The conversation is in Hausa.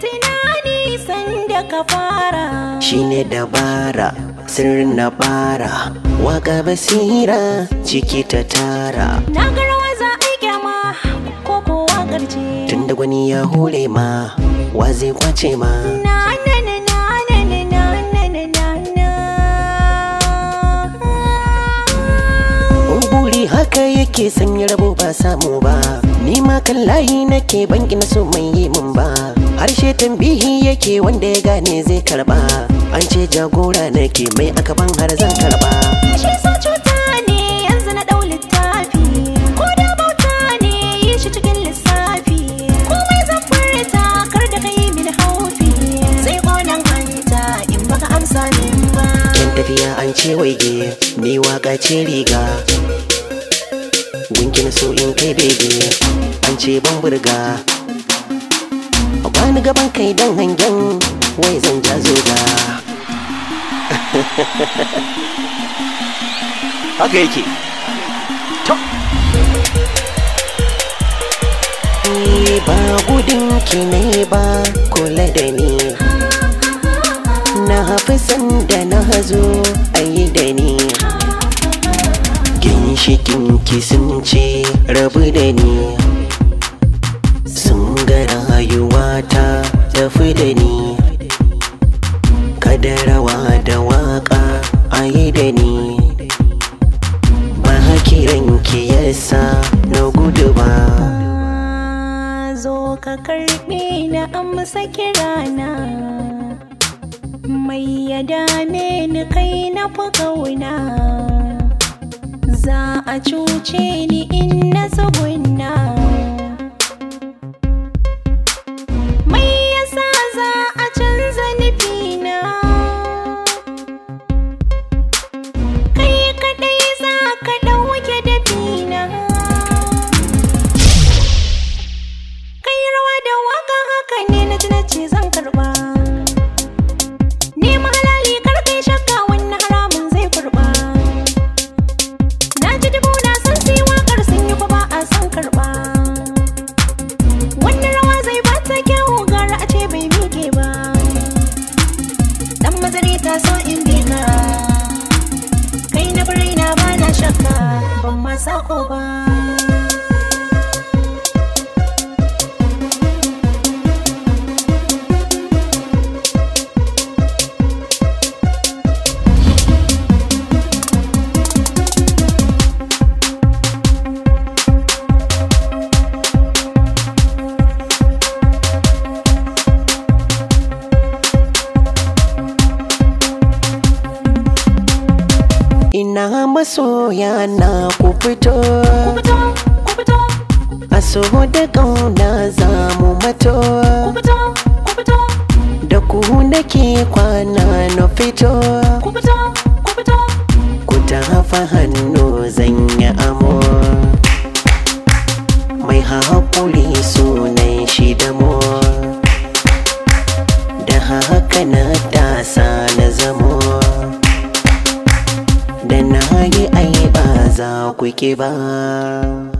tunani sanda ka fara shine dabara sirrin na bara waka basira ciki ta tara na garwa za a ma ko kowa garje tunda gwani ya hule ma wa zai kwace ma na yake sanya rabo ba samu ba ni ma kan layi nake banki na so mai yi mun ba harshe tambihi yake wanda ya gane zai karba an ce jagora nake mai aka ban har zan karba ashe sa cuta ne yanzu na ɗau littafi ko da bauta ne yi shi cikin lissafi komai zan furta kar da kai min haufi sai konan hanta in baka amsa min ba tafiya an ce waige ni waka ce riga gunki so in kai bebe an ce ban burga bani gaban kai dan hangen wai zan ja zoga haka yake ba gudun ki ne ba kula da ni na hafi sanda na hazo ayi da ni Cikin ki sun ce rabu da ni sun ga rayuwa ta tafi da ni kada rawa da waka a yi da ni ba hakiran yasa na gudu ba zo ka karɓi na amsa na mai ya dame ni kai na fi ƙauna a cuce ni in na tsugunni 小伙伴。ina masoya na ku fito a so da ƙauna za mu mato da ku ke kwana na fito ku ta hafa hannu zan yi amo mai haƙuri sunan shi da mu da haka na tasa na zamo yi ai ba za ku ki ba